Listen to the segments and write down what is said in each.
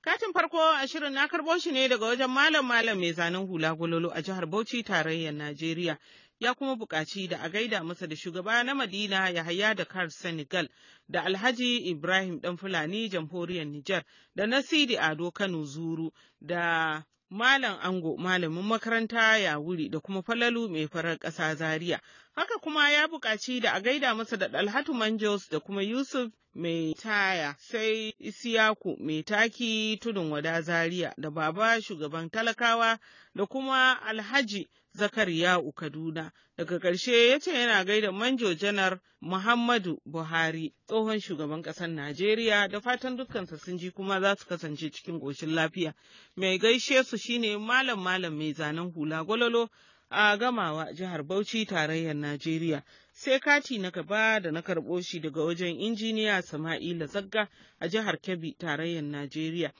Katin farko a shirin na karɓo shi ne daga wajen malam malam mai zanen hula gololo a jihar Bauchi tarayyar Najeriya. Ya kuma buƙaci da a gaida masa da shugaba na Madina Yahaya da Kar Senegal da Alhaji Ibrahim ɗan Fulani jamhuriyar Nijar da Nasidi Ado Kano Zuru da Malam Ango malamin makaranta ya wuri da kuma falalu mai farar ƙasa Zaria. Haka kuma ya buƙaci da a gaida masa da Dalhatu Manjos da kuma Yusuf mai taya sai Isiyaku mai taki tudun wada Zaria da baba shugaban talakawa da kuma Alhaji Zakariya Kaduna. Daga ƙarshe ya ce yana gaida manjo janar Muhammadu Buhari tsohon shugaban ƙasar Najeriya da fatan dukkansa sun ji kuma za su kasance cikin ƙoshin lafiya. Mai gaishe su shine malam malam mai zanen hula gwalolo a gamawa jihar Bauchi tarayyar Najeriya. Sai kati na gaba da na karɓo shi daga wajen injiniya Sama'ila Zagga a jihar Kebbi tarayyar Najeriya.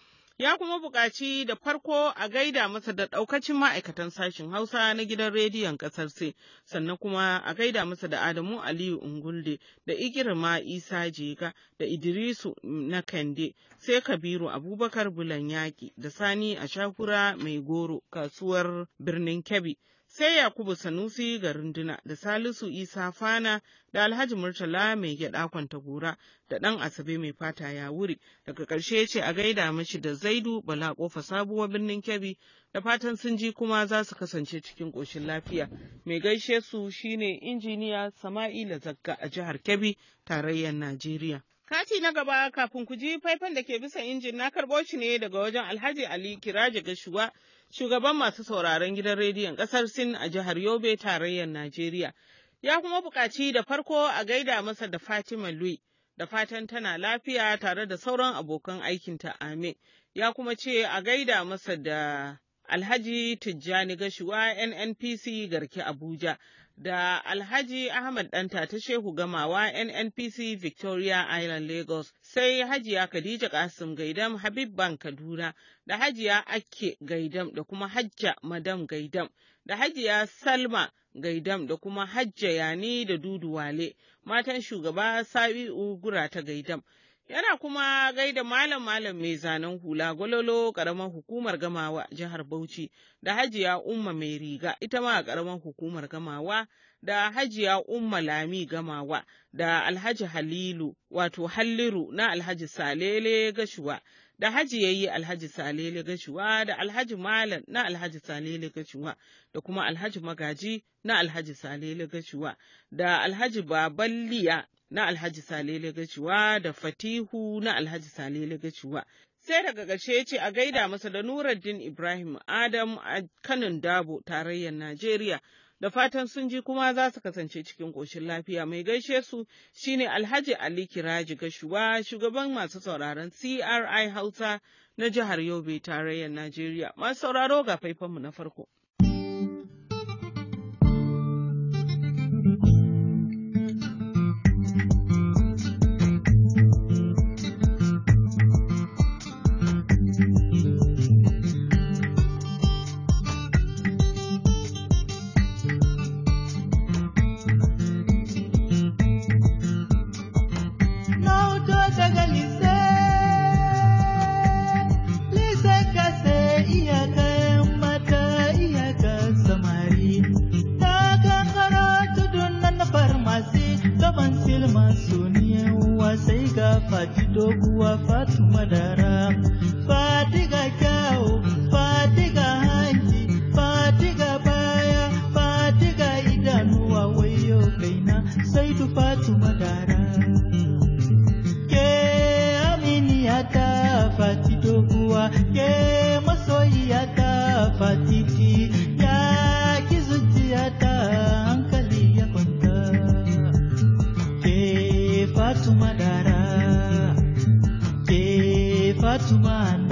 ya kuma buƙaci da farko a gaida masa da ɗaukacin ma'aikatan sashin Hausa na gidan rediyon ƙasar Sin, sannan kuma a gaida masa da Adamu Aliyu Ungulde da Igirma Isa Jega da Idrisu na Kande, sai Kabiru Abubakar Bulan Yaƙi da Sani a shakura Mai Goro kasuwar birnin Kebbi. sai Yakubu Sanusi ga runduna da Salisu Isa Fana da Alhaji Murtala mai gyaɗa kwanta gora da ɗan Asabe mai fata ya wuri daga ƙarshe ce a gaida mashi da Zaidu Bala ƙofa sabuwar birnin Kebbi da fatan sun ji kuma za su kasance cikin ƙoshin lafiya mai gaishe su shine injiniya Sama'ila Zakka a jihar Kebbi tarayyar Najeriya. Kati na gaba kafin ku ji faifan da ke bisa injin na karɓo shi ne daga wajen Alhaji Ali Kiraje Gashuwa shugaban masu sauraron gidan rediyon ƙasar Sin a jihar Yobe tarayyar Najeriya. Ya kuma buƙaci da farko a gaida masa da Fatima Lui, da fatan tana lafiya tare da sauran abokan aikinta Amin. Ya kuma ce a gaida masa da Alhaji Tijjani Gashuwa NNPC Garki Abuja da Alhaji Ahmad Danta ta Shehu Gamawa NNPC Victoria Island Lagos sai Hajiya Khadija Kasim Gaidam Habib Ban Kaduna da Hajiya Ake Gaidam da kuma Hajja Madam Gaidam da Hajiya Salma Gaidam da kuma Hajja Yani da Dudu Wale matan shugaba Sabi'u Gura ta Gaidam. Yana kuma gaida malam malam mai zanen hula gwalolo ƙaramar hukumar gamawa jihar Bauchi da hajiya Umma mai riga ita ma a ƙaramar hukumar gamawa da hajiya Umma Lami gamawa da Alhaji Halilu wato Halliru na Alhaji Salele Gashuwa. da haji yayi alhaji salele gashuwa da alhaji malam na alhaji salele gashuwa da kuma alhaji magaji na alhaji salele gashuwa da alhaji baballiya na Alhaji Sale Lagaciwa da Fatihu na Alhaji Sale Lagaciwa. Sai daga ƙarshe ce a gaida masa da Nuruddin Ibrahim Adam a kanin Dabo tarayyar Najeriya. Da fatan sun ji kuma za su kasance cikin ƙoshin lafiya mai gaishe su shine Alhaji Ali Kiraji Gashuwa shugaban masu sauraron CRI Hausa na jihar Yobe tarayyar Najeriya. Masu sauraro ga faifanmu na farko. Fatuma Dara, Fatuma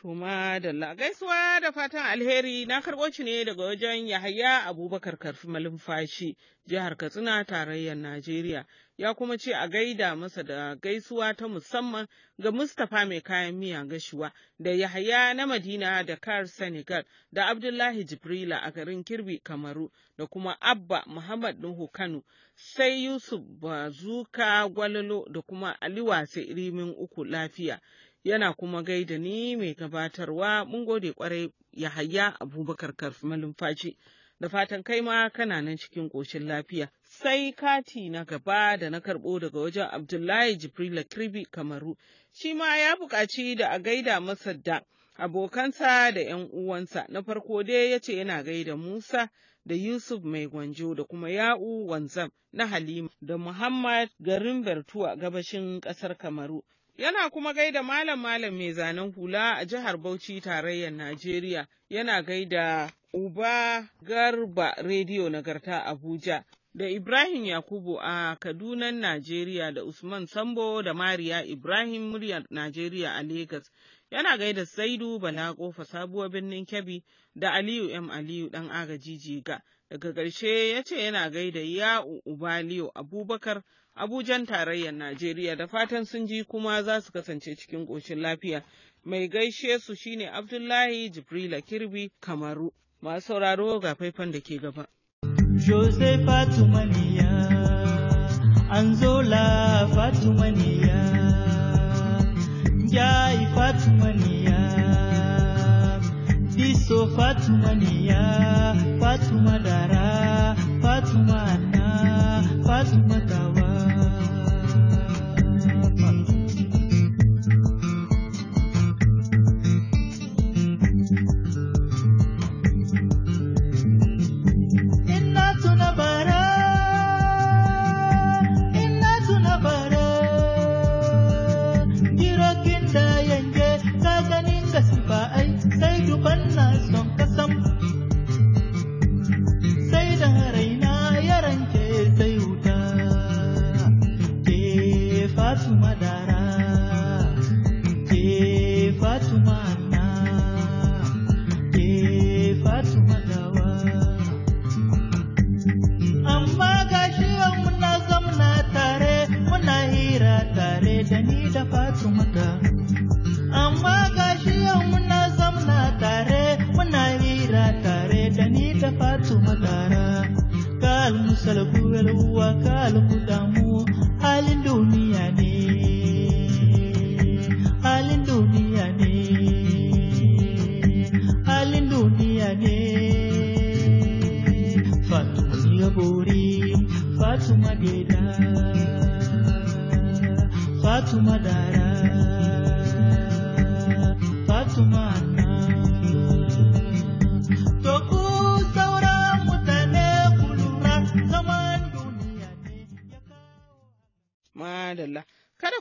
Tuma da gaisuwa da fatan alheri na karɓo shi ne daga wajen Yahaya Abubakar Karfi Malumfashi, jihar Katsina, tarayyar Najeriya. Ya kuma ce a gaida masa da gaisuwa ta musamman ga Mustapha mai kayan miya gashuwa da Yahaya na Madina da Kar Senegal da Abdullahi Jibrila a garin Kirbi Kamaru da kuma Abba Muhammad Nuhu Kano sai Yusuf Bazuka gwalolo da kuma Ali Wase Rimin Uku Lafiya. yana kuma gaida ni mai gabatarwa mun gode kwarai Yahaya Abubakar Karfi malumfaci da fatan kai ma kana nan cikin ƙoshin lafiya. Sai kati na gaba da na karɓo daga wajen Abdullahi Jibrila Kirbi Kamaru, shi ma ya buƙaci da a gaida masa da abokansa da ‘yan uwansa. Na farko dai ya ce yana gaida Musa da Yusuf Mai Gwanjo da kuma Ya'u Wanzam na Halima da Muhammad garin Bertuwa gabashin ƙasar Kamaru Yana kuma gaida malam malam mai zanen hula a jihar Bauchi tarayyar Najeriya, yana gaida Uba Garba Rediyo Nagarta Abuja, da Ibrahim Yakubu a Kadunan Najeriya da Usman Sambo da Mariya Ibrahim muryar Najeriya a Legas. Yana gaida Saidu Bala Kofa sabuwar birnin Kebbi da Aliyu M. Aliyu ɗan agaji jiga. Daga ƙarshe ya ce yana gaida Ya'u Ubaliyo Abubakar Abujan tarayyar Najeriya da fatan sun ji kuma za su kasance cikin ƙoshin lafiya. Mai gaishe su shine Abdullahi Jibrila Kirbi Kamaru. Masu sauraro ga faifan da ke gaba. Joseph toma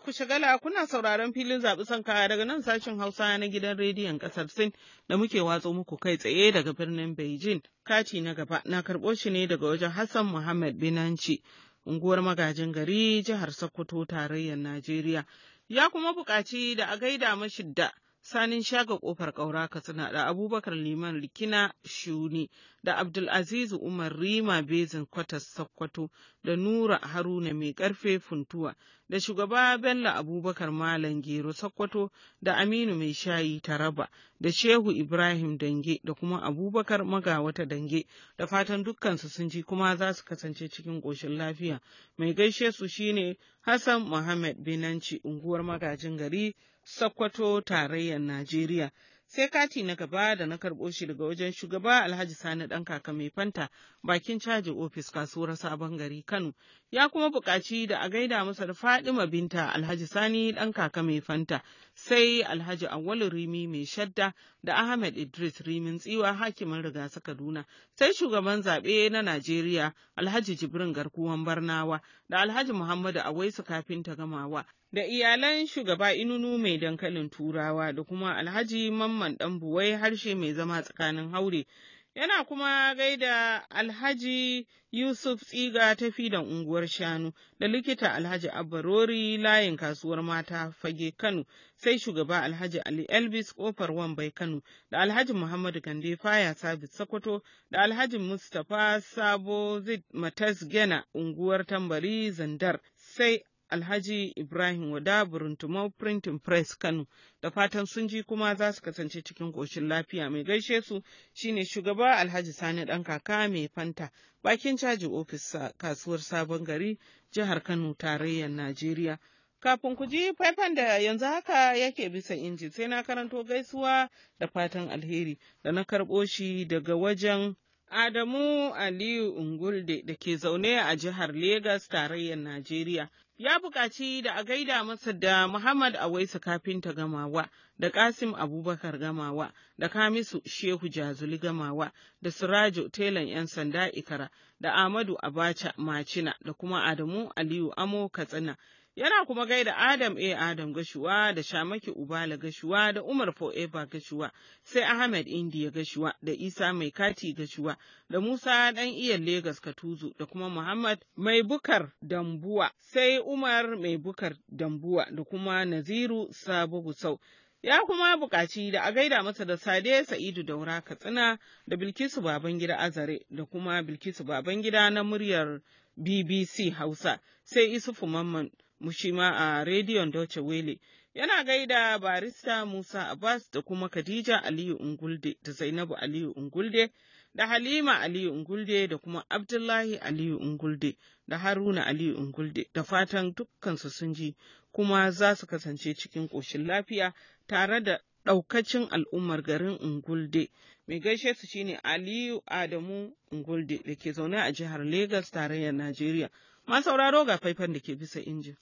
ku shagala kuna sauraron filin zaɓi son kaya! daga nan sashen Hausa na gidan rediyon ƙasar Sin da muke watso muku kai tsaye daga birnin Beijing. Kati na gaba na karɓo shi ne daga wajen Hassan Muhammad Binanci, unguwar magajin gari jihar Sokoto tarayyar Najeriya. Ya kuma buƙaci da a gaida mashi da sanin shaga ƙofar ƙaura Katsina da Abubakar Liman Likina Shuni da Abdulaziz Umar Rima Bezin Kwatas Sokoto da Nura Haruna Mai Karfe Funtuwa da shugaba Bello Abubakar Malam Gero Sokoto da Aminu Mai Shayi Taraba da Shehu Ibrahim Dange da kuma Abubakar Magawata Dange da fatan dukkansu sun ji kuma za su kasance cikin ƙoshin lafiya. Mai gaishe su shine Hassan Muhammad Binanci unguwar magajin gari Sokoto tarayyar Najeriya. sai kati na gaba da na karɓo shi daga wajen shugaba Alhaji Sani ɗan kaka mai fanta bakin caji ofis kasuwar sabon gari Kano ya kuma buƙaci da a gaida masa da Fadima binta Alhaji Sani ɗan kaka mai fanta sai Alhaji Awwalu Rimi mai shadda da Ahmed Idris Rimin tsiwa hakimin rigasa Kaduna sai shugaban zaɓe na Najeriya Alhaji Jibrin Garkuwan Barnawa da Alhaji Muhammadu Awaisu kafin ta gamawa da iyalan shugaba inunu mai dankalin turawa da kuma alhaji mamman dan buwai harshe mai zama tsakanin haure yana kuma gaida alhaji yusuf tsiga tafi da unguwar shanu da likita alhaji abbarori layin kasuwar mata fage kano sai shugaba alhaji ali elvis kofar wambai kano da alhaji muhammadu kande faya sabis sokoto da alhaji mustapha sabo zid matas gena unguwar tambari zandar sai Alhaji Ibrahim Wada Buruntumau Printing Press Kano da fatan sun ji kuma za su kasance cikin ƙoshin lafiya mai gaishe su shine shugaba Alhaji Sani ɗan kaka mai fanta bakin caji ofis kasuwar sabon gari jihar Kano tarayyar Najeriya. Kafin ku ji faifan da yanzu haka yake bisa inji sai na karanto gaisuwa da fatan alheri da na karɓo shi daga wajen Adamu Aliyu Ungulde da ke zaune a jihar Legas tarayyar Najeriya. ya buƙaci da a gaida masa da Muhammad Awaisu kafinta gamawa, da Kasim Abubakar gamawa, da Kamisu Shehu Jazuli gamawa, da Surajo Telan 'yan sanda Ikara, da Ahmadu Abacha Macina, da kuma Adamu Aliyu Amo Katsina. yana kuma gaida Adam A. Eh, Adam Gashuwa da Shamaki Ubala Gashuwa da Umar Fo'eba Gashuwa, sai Ahmed Indiya Gashuwa da Isa Mai Kati Gashuwa da Musa Ɗan Iyan Legas Katuzu da kuma Muhammad Mai Bukar Dambuwa, sai Umar Mai Bukar Dambuwa da kuma Naziru Sabu Gusau. Ya kuma buƙaci da a gaida masa da Sade Sa'idu Daura Katsina da Bilkisu Babangida Azare da kuma Bilkisu Babangida na muryar BBC Hausa, sai Isufu Mamman shi ma a rediyon Deutsche Welle. Yana gaida barista Musa Abbas da kuma Khadija Aliyu Ungulde da Zainabu Aliyu Ungulde da Halima Aliyu Ungulde da kuma Abdullahi Aliyu Ungulde da Haruna Aliyu Ungulde da fatan dukkansu sun ji kuma za su kasance cikin ƙoshin lafiya tare da ɗaukacin al'ummar garin Ungulde. Mai gaishe su shine Aliyu Adamu Ungulde da ke zaune a jihar Legas tarayyar Najeriya. Ma sauraro ga faifan da ke bisa injin.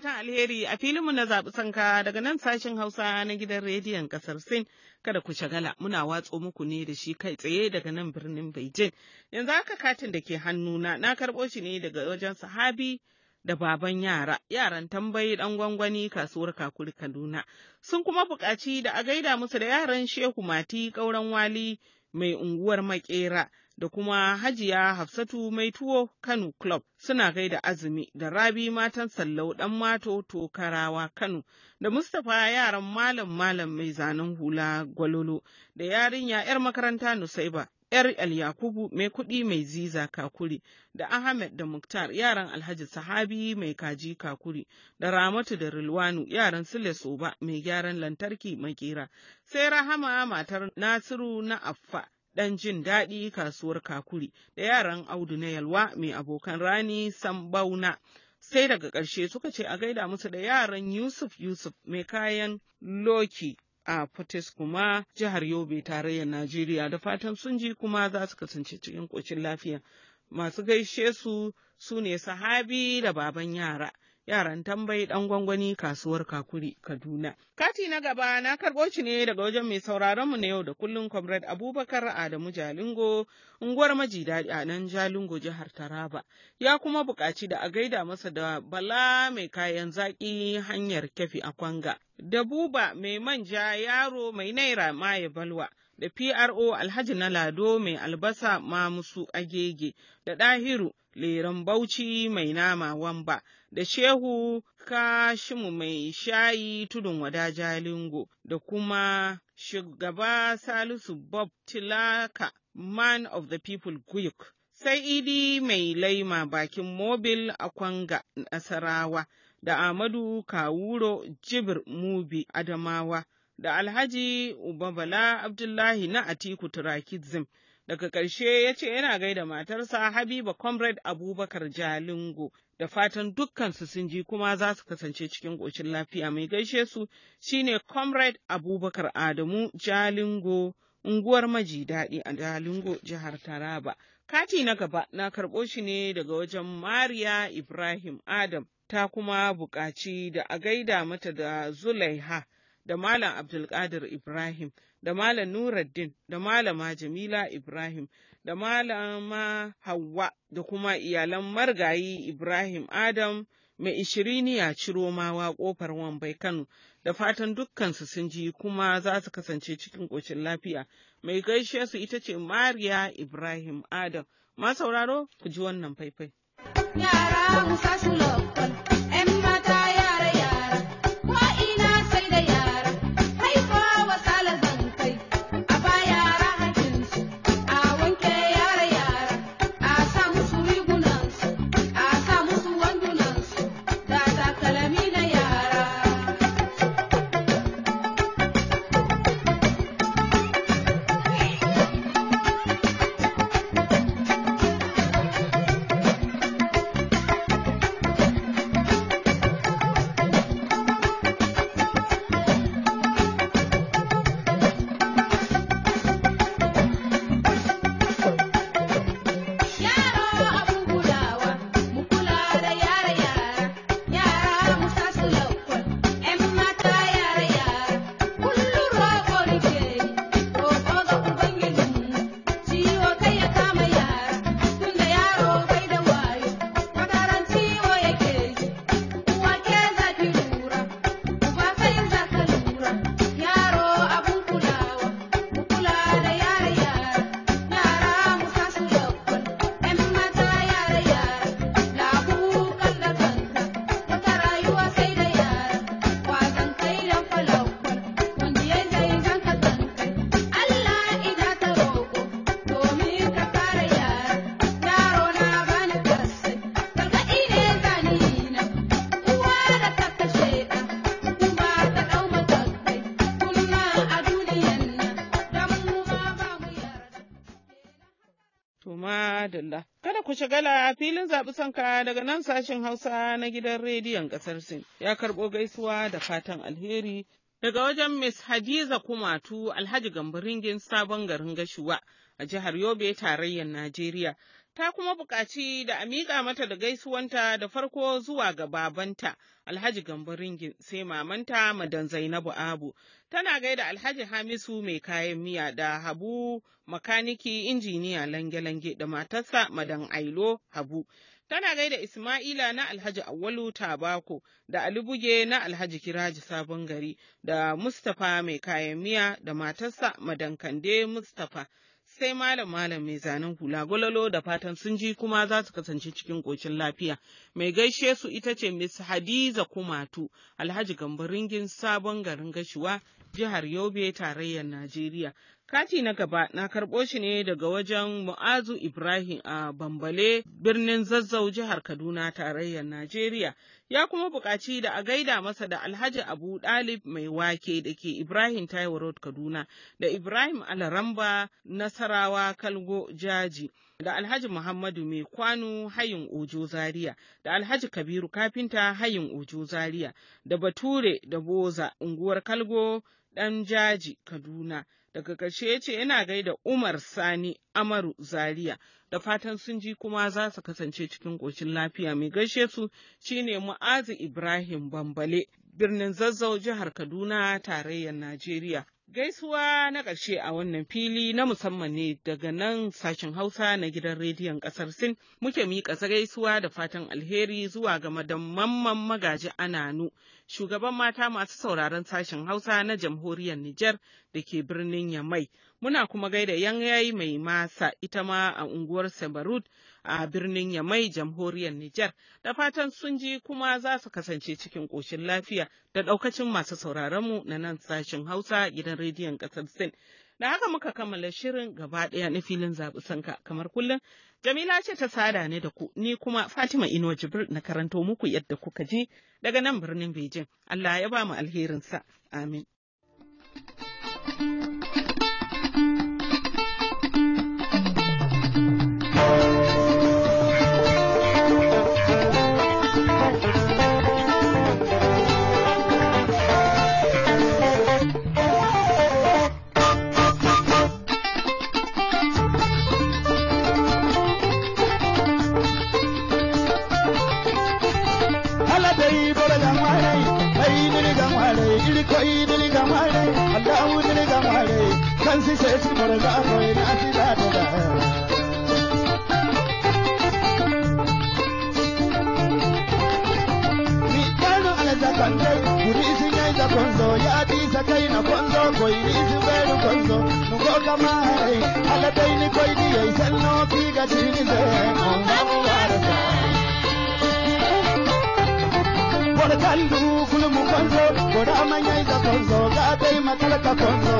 fatan alheri a filinmu na zaɓi sanka daga nan sashen Hausa na gidan rediyon ƙasar Sin kada ku shagala muna watso muku ne da shi kai tsaye daga nan birnin Beijing. Yanzu haka katin da ke hannuna na karɓo shi ne daga wajen sahabi da baban yara, yaran tambayi ɗan gwangwani kasuwar kakuri Kaduna. Sun kuma buƙaci da a gaida musu da yaran Shehu Mati ƙauren wali mai unguwar Maƙera. da kuma Hajiya Hafsatu Mai Tuwo Kano Club suna gaida azumi da Rabi Matan Sallau ɗan Mato Tokarawa Kano da Mustapha yaran Malam Malam mai zanen hula Gwalolo da yarinya 'yar makaranta Nusaiba. ‘Yar Yakubu mai kuɗi mai ziza kakuri da Ahmed da Muktar yaran Alhaji Sahabi mai kaji kakuri da Ramatu da Rilwanu yaran Sule Soba mai gyaran lantarki mai makera sai Rahama matar Nasiru na Affa ɗan jin daɗi kasuwar kakuri da yaran audu na yalwa mai abokan rani sambauna sai daga ƙarshe suka ce a gaida musu da yaran yusuf yusuf mai kayan loki a Fortis kuma jihar Yobe tarayyar Najeriya da fatan sun ji kuma za su kasance cikin ƙocin lafiya. Masu gaishe su su ne sahabi da baban yara yaran tambayi ɗan gwangwani kasuwar Kakuri Kaduna. Kati na gaba na karɓo shi ne daga wajen mai mu na yau da kullum Comrade Abubakar Adamu Jalingo unguwar maji daɗi a nan Jalingo jihar Taraba. Ya kuma buƙaci da a gaida masa da Bala mai kayan zaƙi hanyar kafi a Kwanga. Da buba mai manja yaro mai naira maye balwa. da PRO Alhaji na Lado mai albasa Mamusu Agege da Ɗahiru Leran Bauchi mai nama Wamba da Shehu Kashimu mai shayi tudun wada Jalingo da kuma shugaba Salisu Bob Tilaka Man of the People Guyuk. Sai idi mai laima bakin mobil a kwanga Nasarawa da Amadu Kawuro Jibir Mubi Adamawa da Alhaji Ubabala Abdullahi na Atiku Turakizim. Daga ƙarshe ya ce yana gaida matarsa Habiba Comrade Abubakar Jalingo da fatan dukkansu sun ji kuma za su kasance cikin ƙoshin lafiya mai gaishe su shine Comrade Abubakar Adamu Jalingo unguwar maji daɗi a Jalingo jihar Taraba. Kati na gaba na karɓo shi ne daga wajen Mariya Ibrahim Adam ta kuma buƙaci da a gaida mata da Zulaiha da Malam Abdulkadir Ibrahim. da Malam Nuruddin da Malama Jamila Ibrahim da Malama Hawwa, da kuma iyalan margayi Ibrahim Adam mai ishiriniya ciro mawa kofar wambai Kano da fatan dukkansu sun ji kuma za su kasance cikin ƙoshin lafiya. Mai gaishe su ita ce Mariya Ibrahim Adam. Ma sauraro ku ji wannan faifai. Yara musa su lokal. Madalla. Kada ku shagala filin zaɓi sanka daga nan sashen Hausa na gidan rediyon ƙasar Sin. Ya karɓo gaisuwa da fatan alheri daga wajen Miss Hadiza Kumatu Alhaji Gambaringin Sabon Garin Gashuwa a jihar Yobe tarayyar Najeriya ta kuma buƙaci da a miƙa mata da gaisuwanta da farko zuwa ga babanta Alhaji Gambo Ringin sai mamanta Madan Zainabu Abu. Tana gaida Alhaji Hamisu mai kayan miya da Habu makaniki injiniya lange-lange da matarsa Madan Ailo Habu. Tana gaida Ismaila na Alhaji Awwalu Tabako da Alibuge na Alhaji Kiraji Sabon Gari da Mustapha mai kayan miya da matarsa Madan Kande Mustapha. sai malam malam mai zanen hula gwalolo da fatan sun ji kuma za su kasance cikin ƙoshin lafiya. Mai gaishe su ita ce Miss Hadiza Kumatu, Alhaji Gambaringin Sabon Garin gashiwa, Jihar Yobe, Tarayyar Najeriya. Kati na gaba na karɓo shi ne daga wajen Mu'azu Ibrahim a Bambale birnin Zazzau jihar Kaduna tarayyar Najeriya. Ya kuma buƙaci da a gaida masa da Alhaji Abu Dalib mai wake da ke Ibrahim Taiwo Road Kaduna da Ibrahim Alaramba Nasarawa Kalgo Jaji. Da Alhaji Muhammadu Mai Kwano Hayin Ojo Zaria, da Alhaji Kabiru Kafinta Hayin Ojo Zaria, da Bature da Boza Unguwar Kalgo Ɗan Jaji Kaduna. daga ƙarshe ya ce yana gaida Umar Sani Amaru Zaria da fatan sun ji kuma za su kasance cikin ƙoshin lafiya mai gaishe su shine Mu'azu Ibrahim Bambale birnin Zazzau jihar Kaduna tarayyar Najeriya. Gaisuwa na ƙarshe a wannan fili na musamman ne daga nan sashen Hausa na gidan rediyon ƙasar Sin muke miƙa gaisuwa da fatan alheri zuwa ga madamman magaji Ananu, shugaban mata masu sauraron sashen Hausa na jamhuriyar Nijar da ke birnin Yamai. Muna kuma gaida yan yayi mai masa ita ma a unguwar Sabarut a birnin Yamai jamhuriyar Nijar da fatan sun ji kuma za su kasance cikin ƙoshin lafiya da ɗaukacin masu sauraronmu na nan sashen Hausa gidan rediyon ƙasar Sin. Da haka muka kammala shirin gaba ɗaya na filin zaɓi sanka kamar kullum. Jamila ce ta sada ne da ku ni kuma Fatima Ino Jibril na karanto muku yadda kuka ji daga nan birnin Bejin. Allah ya ba mu alherinsa. Amin. harkan duukul mukonzo godama nyaita konzo gaabei makalaka konzo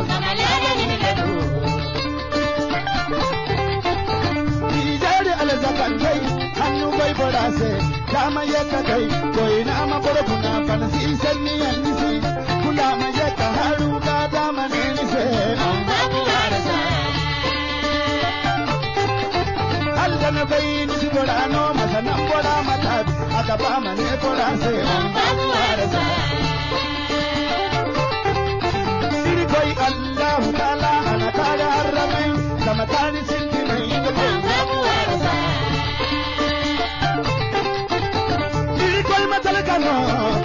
Nijeri alazakan kai hannu bai barase dama yaka kai koi nama boro buna fanasi sanni yanisi kulama yaka haru ka dama nini se Allah na bai nisi borano masanan borama da ba mani kura se warsa sir koi allah taala ana kare harramai samatani sitti mai ga warsa sir koi matal kano